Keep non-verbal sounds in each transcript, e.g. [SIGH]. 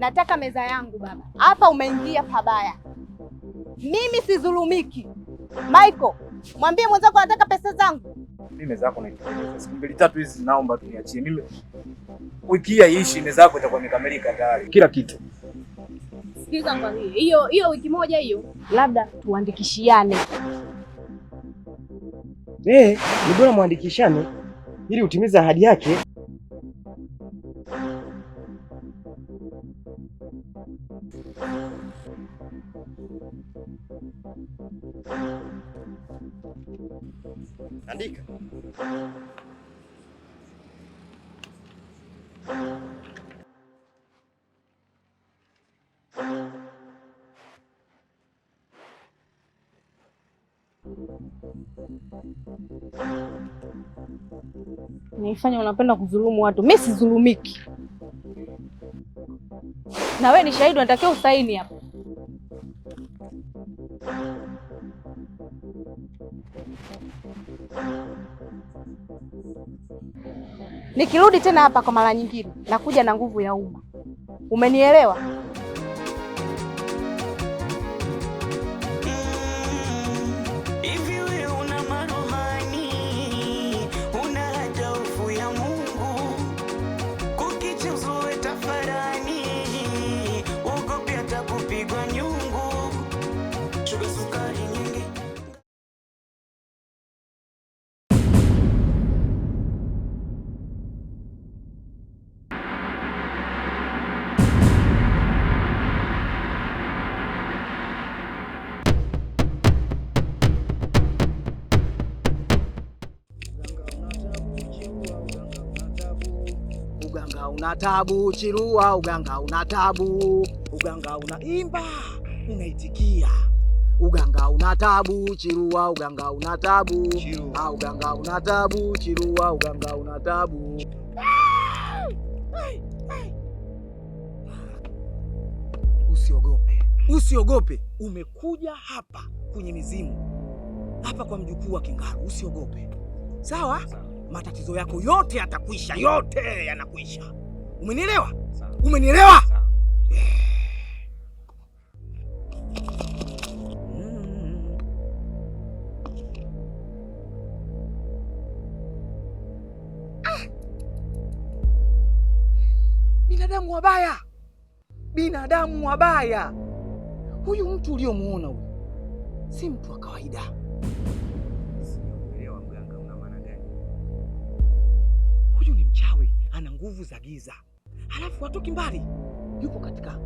Nataka meza yangu baba. Hapa umeingia pabaya. Mimi sidhulumiki. Michael, mwambie mwenzako anataka pesa zangu. Mimi meza yako naitaka. mbili tatu hizi naomba tuniachie. Mimi wiki hii haiishi, meza yako itakuwa imekamilika tayari. Kila kitu. Sikiza ngwambie. Hiyo hiyo wiki moja hiyo. Labda tuandikishiane. Eh, ni bora muandikishane ili utimize ahadi yake. Nifanya unapenda kudhulumu watu, mi sidhulumiki. Na wewe ni shahidi, unatakiwa usaini hapa. Nikirudi tena hapa kwa mara nyingine, nakuja na nguvu ya umma, umenielewa? tabu, Chirua uganga una tabu, uganga imba, unaitikia, uganga una tabu, Chirua uganga una tabu, ah, uganga una tabu, Chirua uganga una tabu. Usiogope, usiogope, umekuja hapa kwenye mizimu, hapa kwa mjukuu wa Kingaru, usiogope. Sawa, matatizo yako yote yatakwisha, yote yanakwisha. Umenielewa? Umenielewa? Ah! Binadamu wabaya, binadamu wabaya. Huyu mtu uliyomuona huyu si mtu wa kawaida. Huyu ni mchawi, ana nguvu za giza. Alafu watoki mbali, yupo katika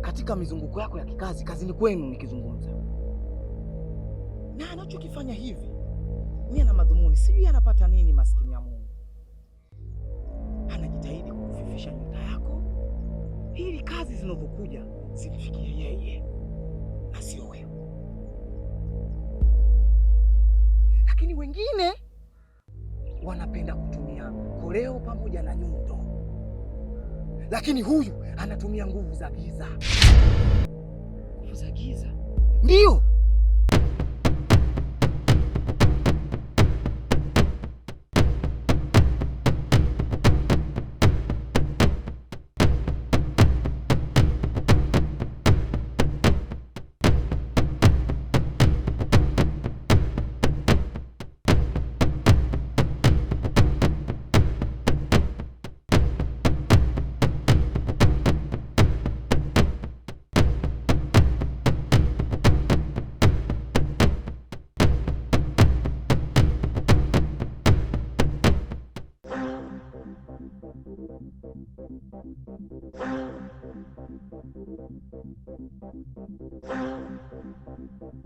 katika mizunguko yako ya kikazi, kazini kwenu nikizungumza, na anachokifanya hivi ni ana madhumuni, sijui anapata nini. Maskini ya Mungu anajitahidi kukufifisha nyota yako ili kazi zinavyokuja zimfikie yeye na sio wewe. Lakini wengine wanapenda kutumia koleo pamoja na nyundo lakini huyu anatumia nguvu za giza. Nguvu za giza? ndio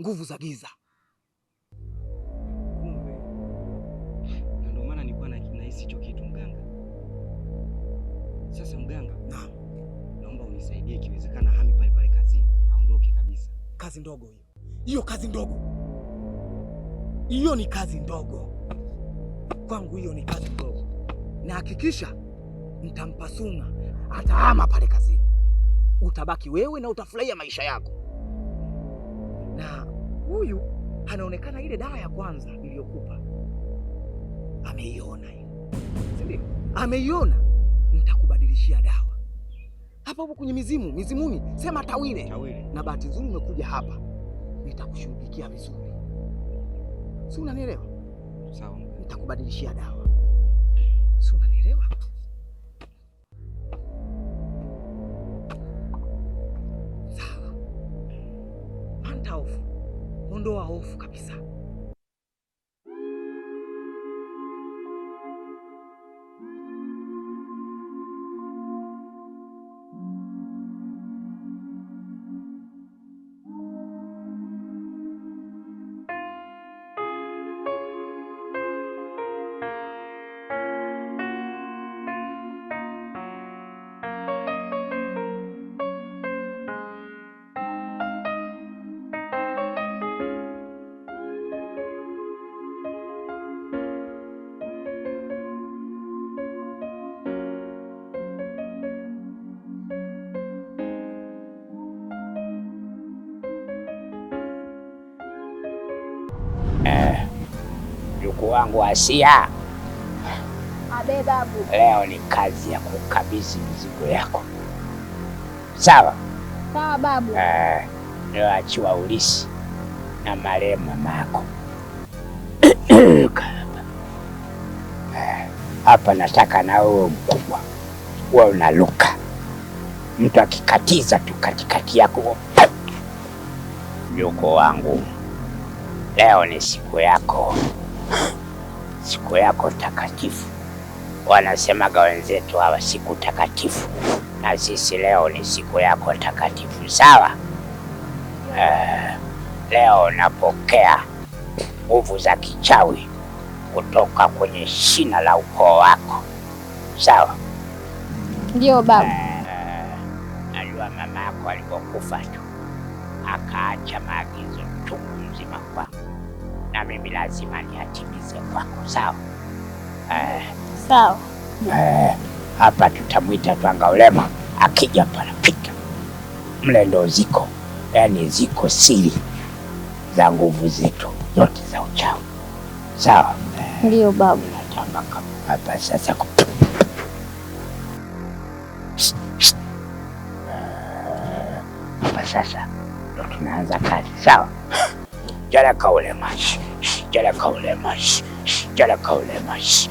nguvu za giza. Kumbe na ndio maana nilikuwa nahisi hicho kitu mganga. Sasa mganga, naam, naomba unisaidie, ikiwezekana hami pale pale kazini, aondoke kabisa. Kazi ndogo hiyo hiyo, kazi ndogo hiyo, ni kazi ndogo kwangu, hiyo ni kazi ndogo, na hakikisha nitampasuna, atahama pale kazini. Utabaki wewe na utafurahia maisha yako huyu anaonekana ile dawa ya kwanza niliyokupa ameiona ile, si ndio? Ameiona, nitakubadilishia dawa hapa hapo kwenye mizimu, mizimuni, sema tawile, tawile. Na bahati nzuri umekuja hapa, nitakushughulikia vizuri, si unanielewa? Sawa, nitakubadilishia dawa, si powerful wangu Asia, abe babu, leo ni kazi ya kukabidhi mizigo yako. Sawa sawa babu. Eh, leo ulisi na marehemu mama yako [COUGHS] eh, hapa. Nataka na wewe mkubwa wewe unaluka, mtu akikatiza tu katikati yako yuko wangu, leo ni siku yako siku yako takatifu. Wanasemaga wenzetu hawa siku takatifu, na sisi leo ni siku yako takatifu, sawa? Eh, leo napokea nguvu za kichawi kutoka kwenye shina la ukoo wako, sawa? Ndio babu. Uh, eh, najua mama yako alipokufa tu akaacha maagizo chungu mzima kwangu na mimi lazima niatimize kwako, sawa eh? Sawa eh, hapa tutamwita twanga ulema, akija panapika mle, ndo ziko yani ziko siri za nguvu zetu zote za uchawi, sawa? Ndio eh, babu, nataka hapa sasa eh, hapa sasa ndo tunaanza kazi, sawa? Gerek olamaz. Gerek olamaz. Gerek olamaz.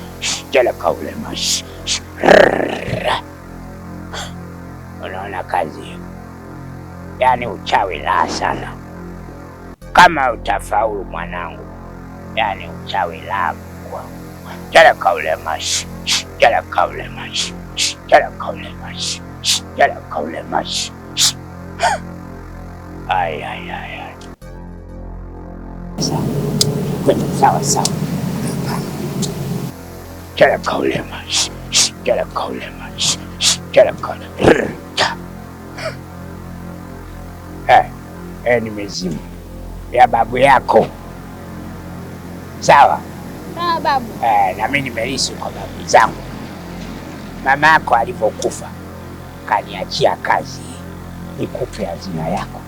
Gerek olamaz. Unaona kazi, yaani uchawi la sana. Kama utafaulu mwanangu, yaani uchawi la Gerek olamaz. Gerek olamaz. Gerek olamaz. Gerek olamaz. Ay ay ay. kwenda sawa sawa. Eh, eh ni mizimu ya babu yako sawa na babu. Eh, na mimi nimelisi kwa babu zangu. Mama yako alivyokufa kaniachia kazi nikupe hazina yako,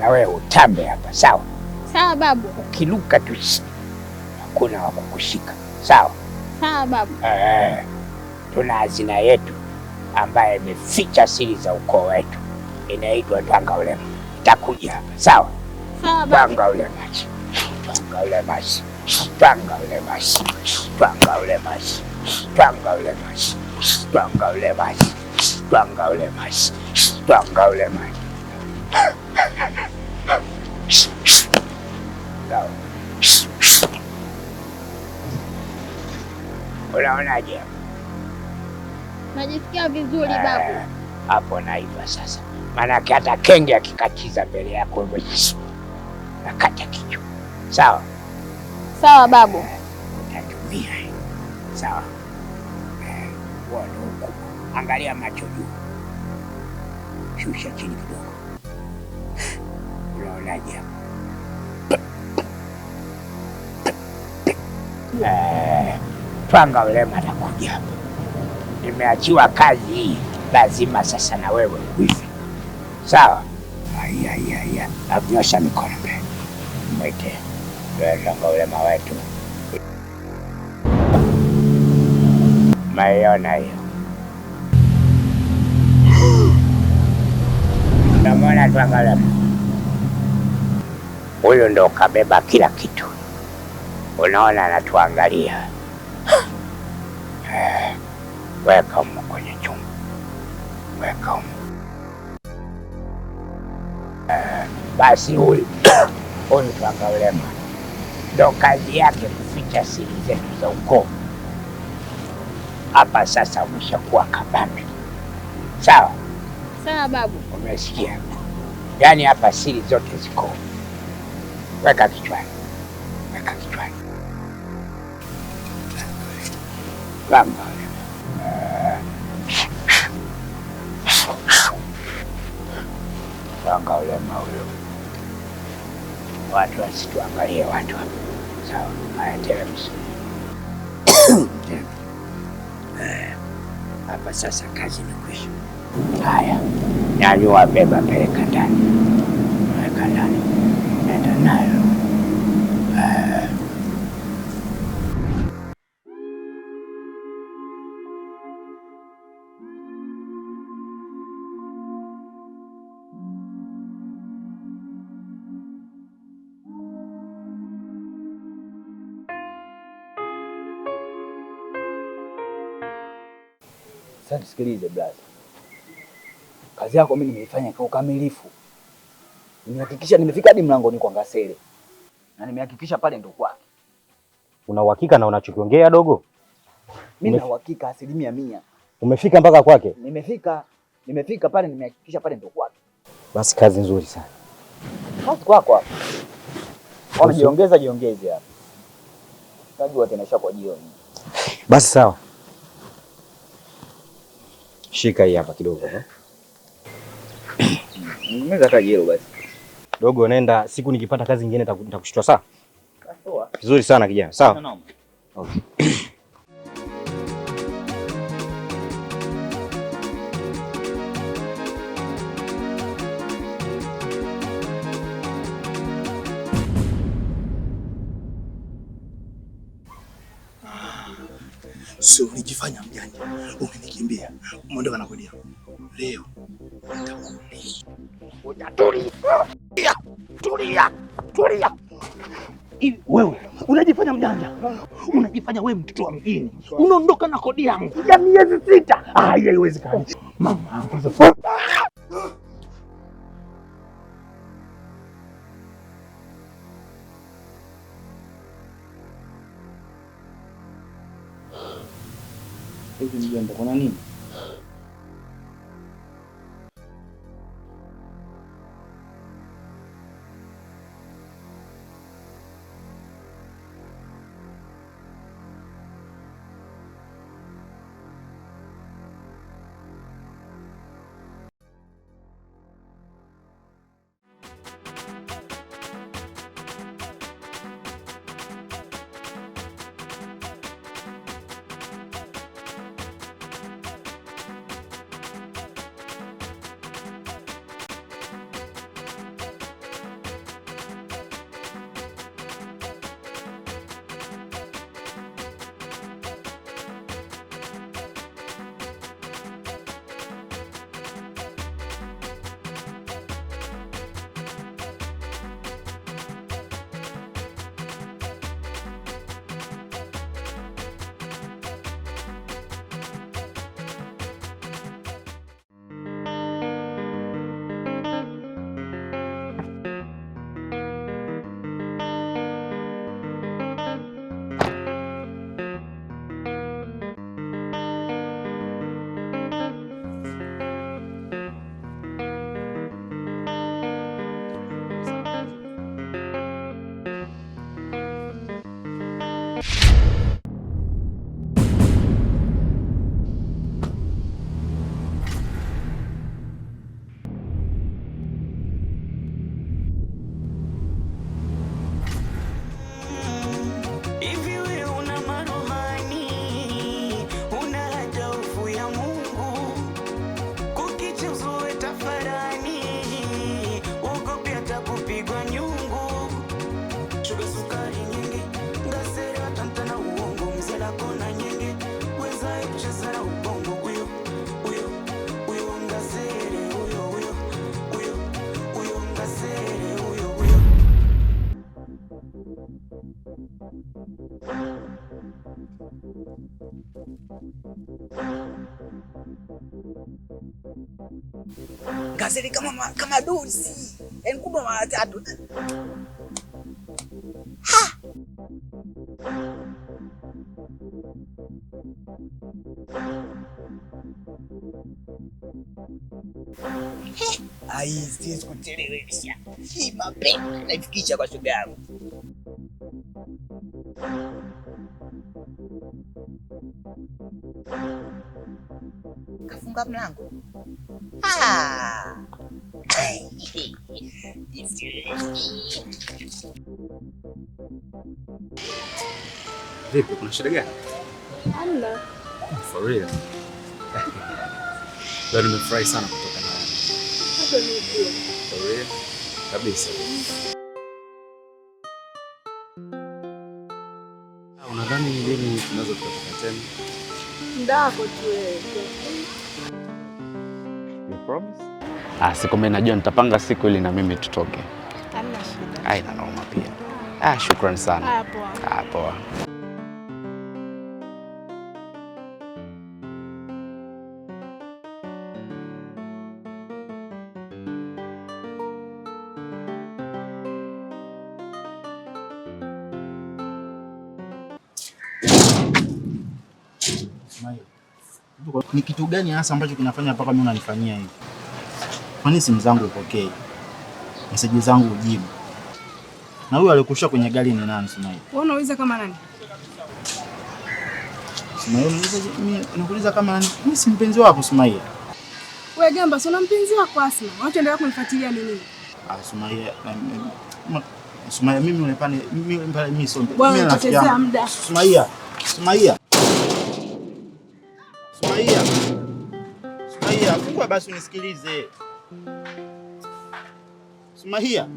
na wewe utambe hapa sawa. Sawa babu. Ukiluka tu hakuna wa kukushika. Sawa. Sawa babu. Eh, tuna hazina yetu ambayo imeficha siri za ukoo wetu, inaitwa Twanga Ulema. takuja hapa. Sawa. Sawa babu. Twanga Ulema. Twanga Ulema. Twanga Ulema. Twanga Ulema. Twanga Ulema. Twanga Ulema. Twanga Ulema. Twanga Ulema dawa. Unaonaje? Najisikia vizuri babu. Eh, hapo naiva sasa, maanake hata kenge akikatiza mbele yako nakata kichwa. Sawa sawa babu, eh, utatumia sawa. Eh, Angalia macho juu, shusha chini kidogo. Unaonaje? Eh, panga Twanga Ulema atakuja hapa. Nimeachiwa kazi hii, lazima sasa na wewe uife. Sawa? Ayayaya, nakunyosha mikono mbele, mwite Twanga Ulema wetu. Maiona hiyo namona Twanga Ulema huyu ndo kabeba kila kitu Unaona, anatuangalia weka umu kwenye chumba, weka umu basi huyu huyu twanga ulema ndo kazi yake kuficha siri zetu za ukoo. Hapa sasa umeshakuwa kabambi, sawa sawa babu, umesikia? Yaani hapa siri zote ziko, weka kichwani. bambayo wanga ulema wasituangalie watu hapa. Sasa kazi ni kwisha. Haya, nani wabeba, peleka ndani. nisikilize brother. Kazi yako mimi nimeifanya kwa ukamilifu. Nimehakikisha nimefika hadi mlangoni kwa Ngasele. Na nimehakikisha pale ndo kwake. Una uhakika na unachokiongea dogo? Mimi na uhakika asilimia mia. Umefika mpaka kwake? Nimefika. Nimefika pale nimehakikisha pale ndo kwake. Basi kazi nzuri sana. Kazi kwako hapa. Wanajiongeza jiongeze hapa. Kazi wote kwa jioni. Basi sawa. Shika hii hapa kidogo. Meza [COUGHS] kaji basi. Dogo, nenda siku nikipata kazi nyingine nitakushtua sawa? Vizuri sana kijana, sawa? Okay. [COUGHS] Sio unijifanya mjanja, umenikimbia, umeondoka na kodi Leo nitakulia. wewe unajifanya mjanja, unajifanya wewe mtoto wa mjini, unaondoka na kodi yangu ya miezi sita. Ah, haiwezekani mama この2人 Gazeli kama ma, kama dozi yani kubwa mara tatu. Ha! Ai, siwezi kutelewesha. Hii mapema naifikisha kwa shoga yangu. Kafunga mlango. Ha! Ah. Let's Vipi, kuna shida gani? Hamna. For real. Leo nimefurahi sana kutoka na wewe. Hapo For real. Kabisa. Ah, unadhani lini tunaweza kukutana tena? Ndako tu promise? Ah, mimi najua nitapanga siku ili na mimi tutoke. Hamna shida. Haina noma pia. Ah, shukrani sana. Ah, poa. Ah, poa. Ni kitu gani hasa ambacho kinafanya mpaka mimi unanifanyia hivi? Kwa nini simu zangu upokee? Meseji zangu ujibu? Na huyu alikushia kwenye gari ni nani hivi? Wewe unauliza kama nani? Sumaili, mimi nakuuliza kama nani? Mimi si mpenzi wako Sumaia. Wewe gamba, sio mpenzi wako Asma. endelea kunifuatilia nini? Ah, Sumaia. Eh, eh, Sumaili mimi ulepane mimi pale mimi sio Mimi nafikia. Sumaili, Sumaili. basi unisikilize. Sumahia.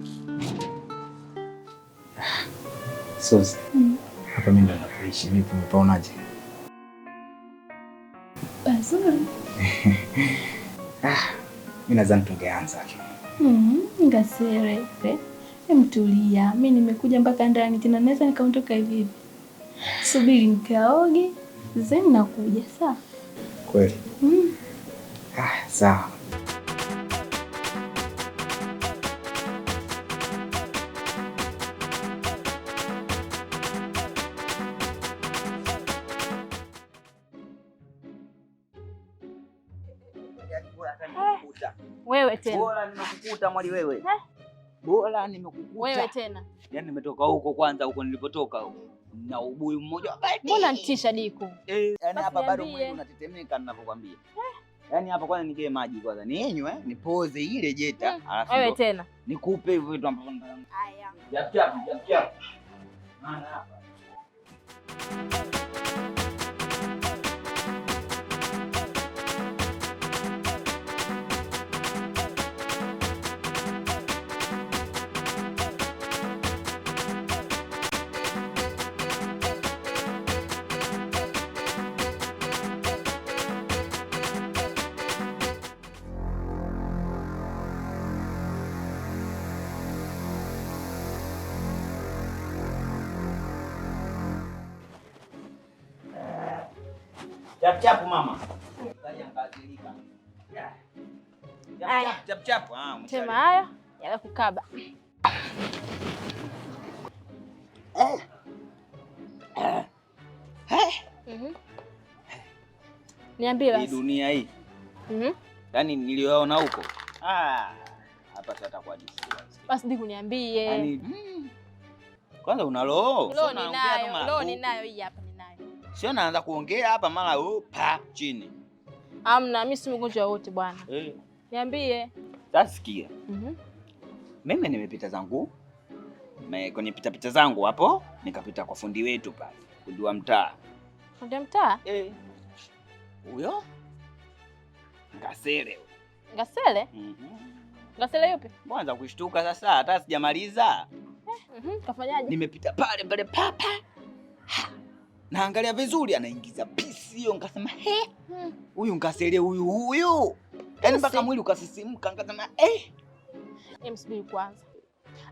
Suzi. Hapa mimi ndo nakuishi. Vipi umepaonaje? Pazuri. [LAUGHS] Ah, mimi nadhani tungeanza. Mm, mm-hmm, ngaserepe. Mtulia. Mimi nimekuja mpaka ndani tena naweza nikaondoka hivi hivi. Subiri nikaoge. Zeni nakuja saa. Kweli. Mm sawa. Wewe tena. Bora nimekukuta mwali wewe. Eh? Bora nimekukuta. Wewe tena. Yaani nimetoka huko kwanza huko nilipotoka huko. Na ubuyu mmoja. Mbona nitisha diku? Eh, yaani hapa bado mwili unatetemeka ninapokuambia. Eh? Yaani hapa kwanza nigee maji kwanza ninywe, nipoze ile jeta, mm. alafu wewe tena nikupe hivyo vitu ambavyo haya. Haya. Jafikia, jafikia. Maana hapa. Chap chap mama. Chap chap. Ah, sema haya yala kukaba. Mhm. Niambie basi. Hii dunia hii. Mhm. Yaani niliyoona huko. Ah. Hapa sasa kwa disi. Basi ndi kuniambie. Yaani hmm. kwanza una roho. ninayo. Roho ninayo hii hapa. Sio naanza kuongea hapa mara pa chini. Amna, mimi si mgonjwa wote bwana. Eh. Niambie. Tasikia. Mhm. Mm, mimi nimepita zangu kwenye pitapita zangu hapo, nikapita kwa fundi wetu pale, fundi wa mtaa. Fundi wa mtaa? Eh. Huyo? Ngasele. Ngasele? Mhm. Mm, Ngasele yupi? Mwanza kushtuka sasa, hata sijamaliza. Eh, mhm, mm kafanyaje? Nimepita pale pale papa. Ha naangalia vizuri, anaingiza pisi hiyo, nikasema he, hmm. huyu nkasele huyu huyu, yaani mpaka mwili ukasisimka, nikasema eh, msubiri kwanza.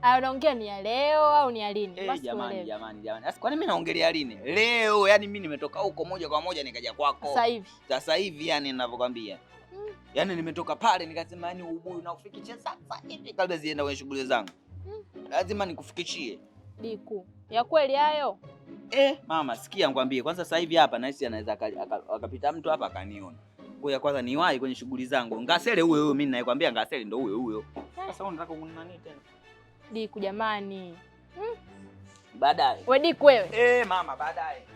Ayo, naongea ni ya leo au ni ya lini? Hey, eh, jamani, jamani, jamani. Sasa kwani mimi naongelea lini? Leo, yani mimi nimetoka huko moja kwa moja nikaja kwako. Sasa hivi. Sasa hivi yani ninavyokuambia. Mm. Yaani nimetoka pale nikasema yani ubuyu na kufikishia sasa hivi kabla zienda kwenye shughuli zangu. Mm. Lazima nikufikishie. Biku. Ya kweli hayo? Eh, mama sikia, ngwambie kwanza, sasa hivi hapa nahisi anaweza akapita mtu hapa akaniona. Ngoja kwanza niwahi kwenye shughuli zangu. Ngasele huyo huyo, mimi ninayekwambia Ngasele ndo huyo huyo. Sasa unataka kuninani tena Diku jamani, hmm? Baadaye Wewe Diku wewe. Eh, mama baadaye